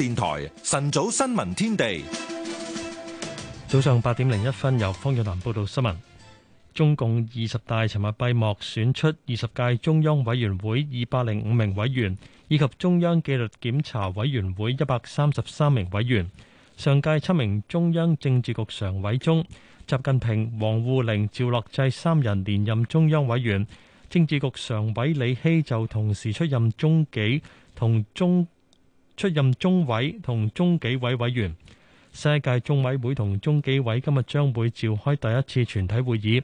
電台晨早新聞天地，早上八點零一分，由方若蘭報道新聞。中共二十大尋日閉幕，選出二十屆中央委員會二百零五名委員以及中央紀律檢查委員會一百三十三名委員。上屆七名中央政治局常委中，習近平、王滬寧、趙樂際三人連任中央委員，政治局常委李希就同時出任中紀同中出任中委同中紀委委員，新一屆中委會同中紀委今日將會召開第一次全體會議。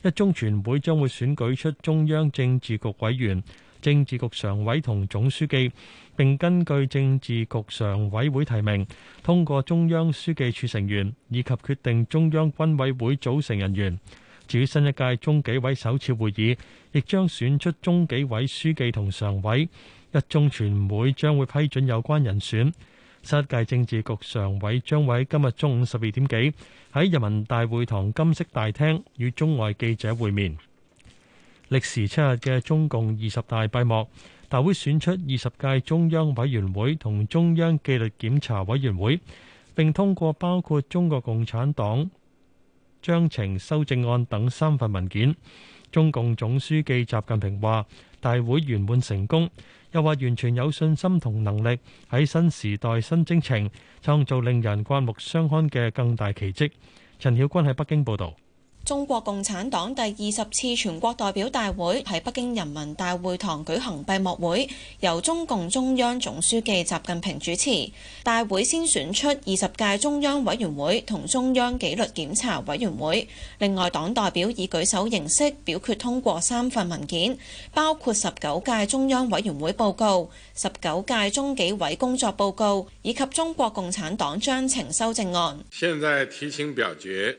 一中全會將會選舉出中央政治局委員、政治局常委同總書記，並根據政治局常委會提名通過中央書記處成員以及決定中央軍委會組成人員。至於新一屆中紀委首次會議，亦將選出中紀委書記同常委。一中全會將會批准有關人選。新一屆政治局常委將會今日中午十二點幾喺人民大會堂金色大廳與中外記者會面。歷時七日嘅中共二十大閉幕，大會選出二十屆中央委員會同中央紀律檢查委員會，並通過包括《中國共產黨章程修正案》等三份文件。中共總書記習近平話，大會圓滿成功。又話完全有信心同能力喺新時代新征程創造令人刮目相看嘅更大奇蹟。陳曉君喺北京報導。中國共產黨第二十次全國代表大會喺北京人民大會堂舉行閉幕會，由中共中央總書記習近平主持。大會先選出二十屆中央委員會同中央紀律檢查委員會。另外，黨代表以舉手形式表決通過三份文件，包括十九屆中央委員會報告、十九屆中紀委工作報告以及中國共產黨章程修正案。現在提請表決。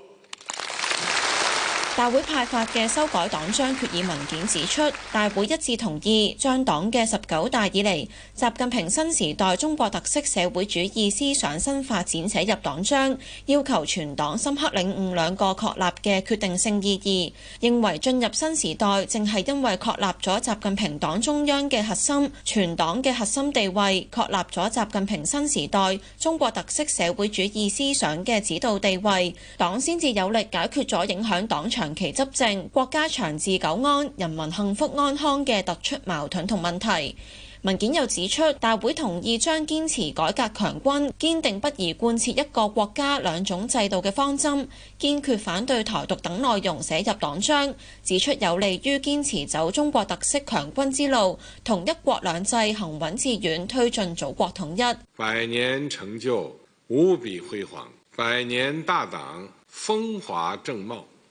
大會派發嘅修改黨章決議文件指出，大會一致同意將黨嘅十九大以嚟習近平新時代中國特色社會主義思想新發展寫入黨章，要求全黨深刻領悟兩個確立嘅決定性意義，認為進入新時代，正係因為確立咗習近平黨中央嘅核心、全黨嘅核心地位，確立咗習近平新時代中國特色社會主義思想嘅指導地位，黨先至有力解決咗影響黨長。長期執政，國家長治久安，人民幸福安康嘅突出矛盾同問題。文件又指出，大會同意將堅持改革強軍、堅定不移貫徹一個國家兩種制度嘅方針，堅決反對台獨等內容寫入黨章，指出有利於堅持走中國特色強軍之路，同一國兩制行穩致遠，推進祖國統一。百年成就無比輝煌，百年大黨風華正茂。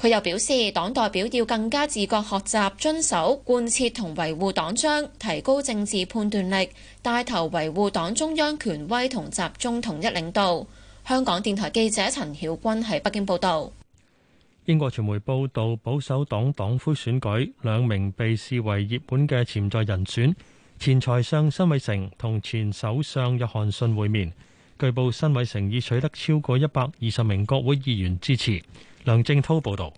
佢又表示，黨代表要更加自覺學習、遵守、貫徹同維護黨章，提高政治判斷力，帶頭維護黨中央權威同集中統一領導。香港電台記者陳曉君喺北京報道。英國傳媒報道，保守黨黨魁選舉兩名被視為熱門嘅潛在人選，前財相辛偉成同前首相約翰遜會面，據報辛偉成已取得超過一百二十名國會議員支持。梁正濤報道，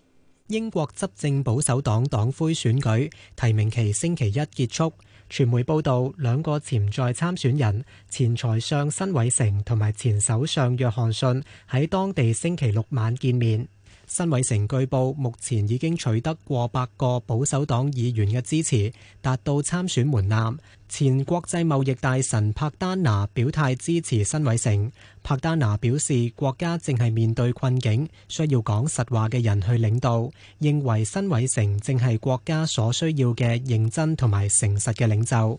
英國執政保守黨黨魁選舉提名期星期一結束，傳媒報道兩個潛在參選人前財相辛偉成同埋前首相約翰遜喺當地星期六晚見面。新委城據報目前已經取得過百個保守黨議員嘅支持，達到參選門檻。前國際貿易大臣柏丹拿表態支持新委城。柏丹拿表示，國家正係面對困境，需要講實話嘅人去領導，認為新委城正係國家所需要嘅認真同埋誠實嘅領袖。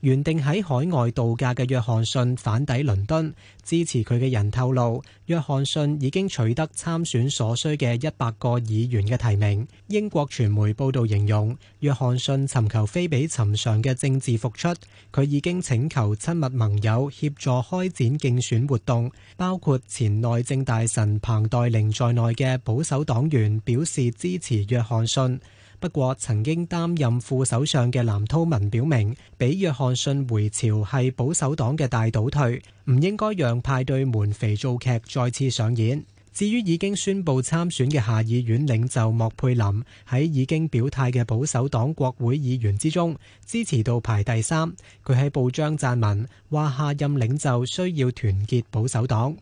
原定喺海外度假嘅約翰遜返抵倫敦，支持佢嘅人透露，約翰遜已經取得參選所需嘅一百個議員嘅提名。英國傳媒報道形容，約翰遜尋求非比尋常嘅政治復出，佢已經請求親密盟友協助開展競選活動，包括前內政大臣彭黛玲在內嘅保守黨員表示支持約翰遜。不過，曾經擔任副首相嘅藍韜文表明，俾約翰遜回朝係保守黨嘅大倒退，唔應該讓派對門肥皂劇再次上演。至於已經宣佈參選嘅下議院領袖莫佩林，喺已經表態嘅保守黨國會議員之中，支持度排第三。佢喺報章撰文話：下任領袖需要團結保守黨。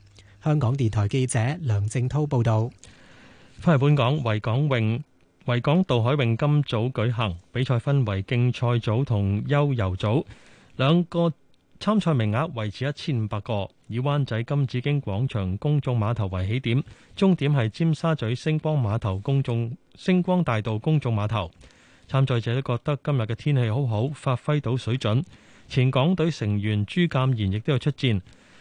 香港電台記者梁正濤報道：「翻嚟本港，維港泳……」維港渡海泳今早舉行，比賽分為競賽組同優遊組兩個參賽名額維持一千五百個，以灣仔金紫荊廣場公眾碼頭為起點，終點係尖沙咀星光碼頭公眾星光大道公眾碼頭。參賽者都覺得今日嘅天氣好好，發揮到水準。前港隊成員朱鑒賢亦都有出戰，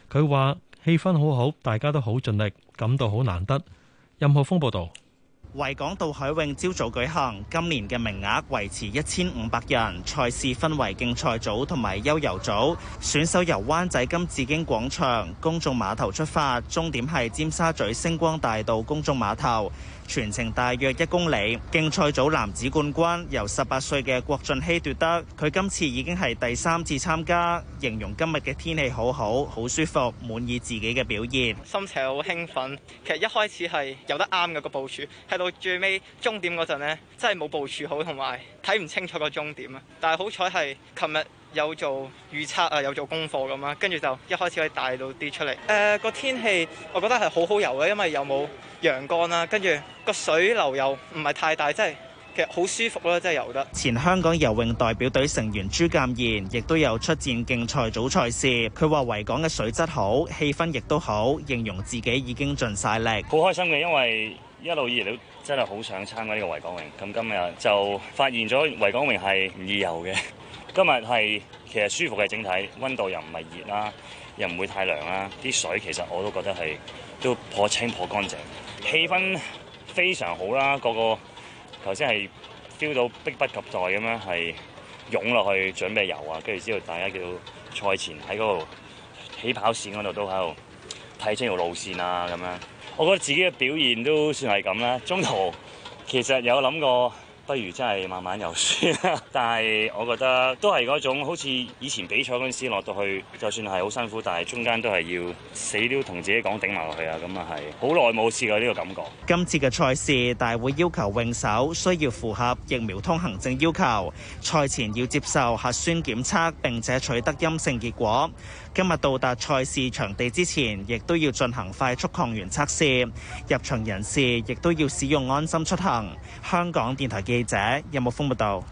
佢話氣氛好好，大家都好盡力，感到好難得。任浩峰報道。維港渡海泳朝早舉行，今年嘅名額維持一千五百人。賽事分為競賽組同埋悠游組，選手由灣仔金紫荊廣場公眾碼頭出發，終點係尖沙咀星光大道公眾碼頭。全程大約一公里，競賽組男子冠軍由十八歲嘅郭俊熙奪得。佢今次已經係第三次參加，形容今日嘅天氣好好，好舒服，滿意自己嘅表現，心情好興奮。其實一開始係有得啱嘅個部署，喺到最尾終點嗰陣呢，真係冇部署好同埋睇唔清楚個終點啊。但係好彩係琴日。有做預測啊，有做功課咁啦，跟住就一開始可以大到啲出嚟。誒、呃，個天氣我覺得係好好游嘅，因為又冇陽光啦，跟住個水流又唔係太大，即係其實好舒服咯，真係游得。前香港游泳代表隊成員朱鑑賢亦都有出戰競賽組賽事，佢話：維港嘅水質好，氣氛亦都好，形容自己已經盡晒力，好開心嘅，因為。一路以來都真係好想參加呢個維港泳，咁今日就發現咗維港泳係唔易游嘅。今日係其實舒服嘅整體，温度又唔係熱啦，又唔會太涼啦。啲水其實我都覺得係都頗清頗乾淨，氣氛非常好啦。個個頭先係 feel 到迫不及待咁樣係湧落去準備遊啊，跟住之後大家叫賽前喺嗰個起跑線嗰度都喺度。睇清條路線啊，咁樣我覺得自己嘅表現都算係咁啦。中途其實有諗過，不如真係慢慢游算。 但係我覺得都係嗰種好似以前比賽嗰陣時落到去，就算係好辛苦，但係中間都係要死都同自己講頂埋落去啊。咁啊係好耐冇試過呢個感覺。今次嘅賽事大會要求泳手需要符合疫苗通行證要求，賽前要接受核酸檢測並且取得陰性結果。今日到達賽事場地之前，亦都要進行快速抗原測試。入場人士亦都要使用安心出行。香港電台記者任木峰報道。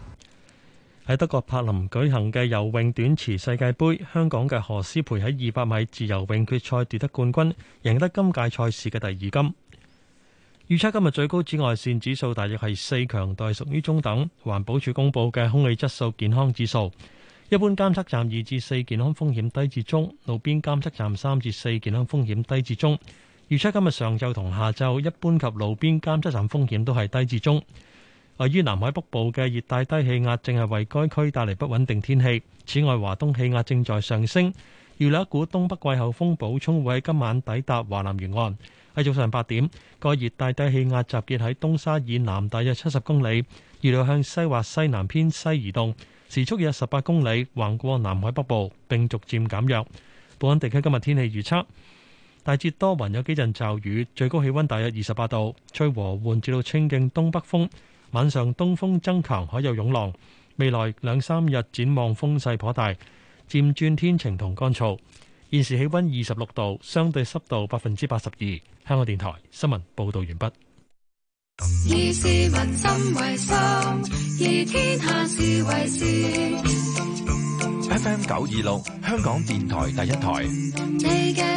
喺德國柏林舉行嘅游泳短池世界杯，香港嘅何詩蓓喺二百米自由泳決賽奪得冠軍，贏得今屆賽事嘅第二金。預測今日最高紫外線指數大約係四，強度屬於中等。環保署公布嘅空氣質素健康指數。一般監測站二至四，健康風險低至中，路邊監測站三至四，健康風險低至中。預測今日上晝同下晝一般及路邊監測站風險都係低至中。位於南海北部嘅熱帶低氣壓正係為該區帶嚟不穩定天氣。此外，華東氣壓正在上升，預料一股東北季候風補充會喺今晚抵達華南沿岸。喺早上八點，個熱帶低氣壓集結喺東沙以南大約七十公里，預料向西或西南偏西移動。時速約十八公里，橫過南海北部，並逐漸減弱。本港地區今日天氣預測：大致多雲，有幾陣驟雨，最高氣溫大約二十八度，吹和緩至到清勁東北風，晚上東風增強，海有湧浪。未來兩三日展望風勢頗大，漸轉天晴同乾燥。現時氣溫二十六度，相對濕度百分之八十二。香港電台新聞報道完畢。FM 九二六，香港電台第一台。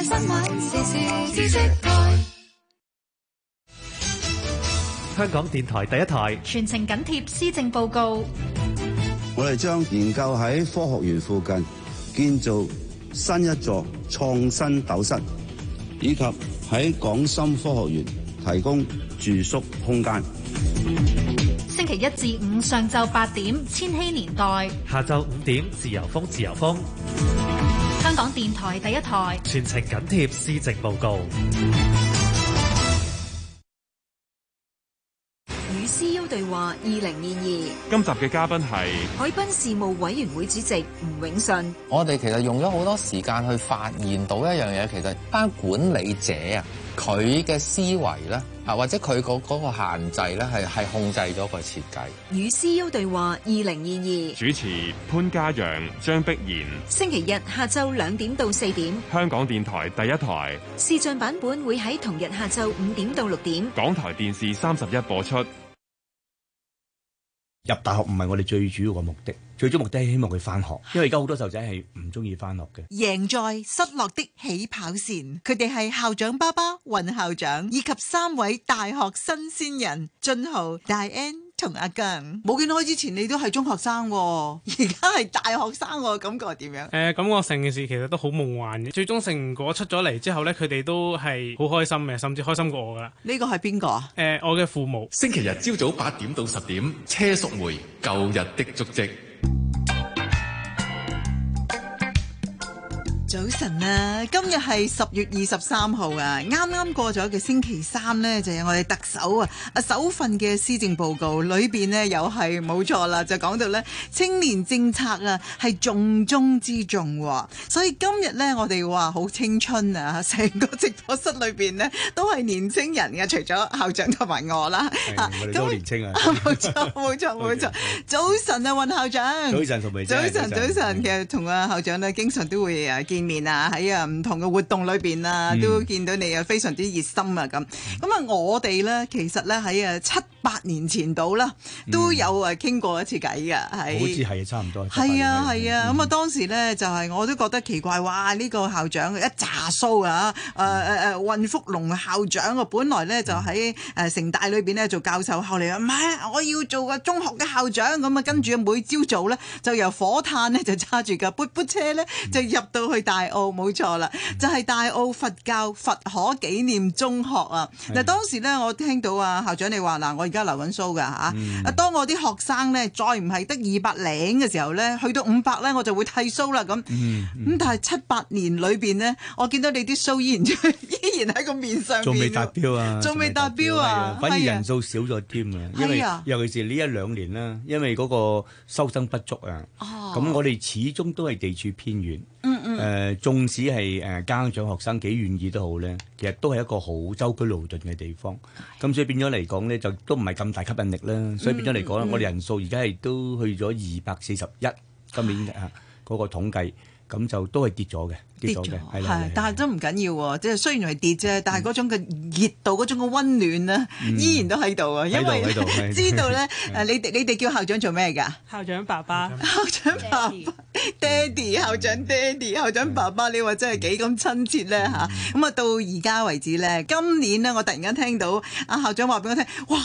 香港電台第一台，全程緊貼施政報告。我哋將研究喺科學園附近建造新一座創新斗室，以及喺港深科學園提供住宿空間。星期一至五上晝八點，千禧年代；下晝五點，自由風。自由風。香港電台第一台，全程緊貼施政報告。與 CU 對話二零二二。今集嘅嘉賓係海濱事務委員會主席吳永信。我哋其實用咗好多時間去發現到一樣嘢，其實班管理者啊，佢嘅思維咧。或者佢嗰個限制咧，係係控制咗個設計。與 CEO 對話二零二二，主持潘嘉揚、張碧然。星期日下晝兩點到四點，香港電台第一台視像版本會喺同日下晝五點到六點，港台電視三十一播出。入大學唔係我哋最主要嘅目的，最終目的係希望佢翻學，因為而家好多細路仔係唔中意翻學嘅。贏在失落的起跑線，佢哋係校長爸爸、雲校長，以及三位大學新鮮人：俊豪、大 N。Diane 同阿根冇幾耐之前，你都係中學生。哦，而家係大學生。哦，感覺係點樣？誒、呃，感覺成件事其實都好夢幻嘅。最終成果出咗嚟之後咧，佢哋都係好開心嘅，甚至開心過我噶啦。呢個係邊個啊？誒、呃，我嘅父母。星期日朝早八點到十點，車淑梅，舊日的足跡。早晨啊！今日係十月二十三號啊，啱啱過咗嘅星期三咧，就有我哋特首啊，啊首份嘅施政報告裏邊咧，又係冇錯啦，就講到咧青年政策啊係重中之重，所以今日咧我哋話好青春啊，成個直播室裏邊咧都係年輕人嘅，除咗校長同埋我啦，咁我哋都年輕啊！冇錯冇錯冇錯，早晨啊，溫校長，早晨同你，早晨早晨，其實同啊校長咧，經常都會啊見面啊，喺啊唔同嘅活動裏邊啊，都見到你啊非常之熱心啊咁。咁啊，我哋咧其實咧喺啊七八年前度啦，都有誒傾過一次偈嘅，係好似係差唔多。係啊係啊，咁啊當時咧就係我都覺得奇怪，哇呢個校長一紮鬚啊！誒誒誒，運福龍校長啊，本來咧就喺誒城大裏邊咧做教授，後嚟啊，唔係我要做個中學嘅校長，咁啊跟住每朝早咧就由火炭咧就揸住架噗噗車咧就入到去。大澳冇錯啦，就係大澳佛教佛可紀念中學啊！嗱，當時咧，我聽到啊校長你話嗱，我而家留緊鬚噶吓，啊當我啲學生咧再唔係得二百零嘅時候咧，去到五百咧，我就會剃鬚啦咁。咁但係七八年裏邊咧，我見到你啲鬚依然依然喺個面上，仲未達標啊，仲未達標啊，反而人數少咗添啊，因為尤其是呢一兩年啦，因為嗰個收生不足啊，咁我哋始終都係地處偏遠。誒，縱使係誒家長學生幾願意都好咧，其實都係一個好舟車勞頓嘅地方。咁所以變咗嚟講咧，就都唔係咁大吸引力啦。所以變咗嚟講咧，我哋人數而家係都去咗二百四十一，今年啊嗰個統計，咁就都係跌咗嘅。跌咗，係，但係都唔緊要喎。即係雖然係跌啫，但係嗰種嘅熱度、嗰種嘅温暖咧，依然都喺度啊。依然喺度。因為知道咧，誒，你哋你哋叫校長做咩㗎？校長爸爸，校長爸爸。爹哋校長，爹哋校長、嗯、爸爸，你話真係幾咁親切咧嚇！咁、嗯、啊到而家為止咧，今年咧我突然間聽到阿校長話俾我聽，哇！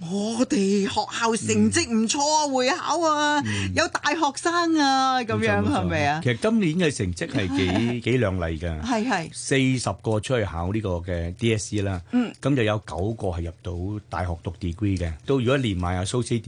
我哋學校成績唔錯啊，會考啊，嗯、有大學生啊咁樣係咪啊？錯是是其實今年嘅成績係幾是幾靚麗㗎，係係四十個出去考呢個嘅 DSE 啦，咁、嗯、就有九個係入到大學讀 degree 嘅。到如果連埋阿蘇西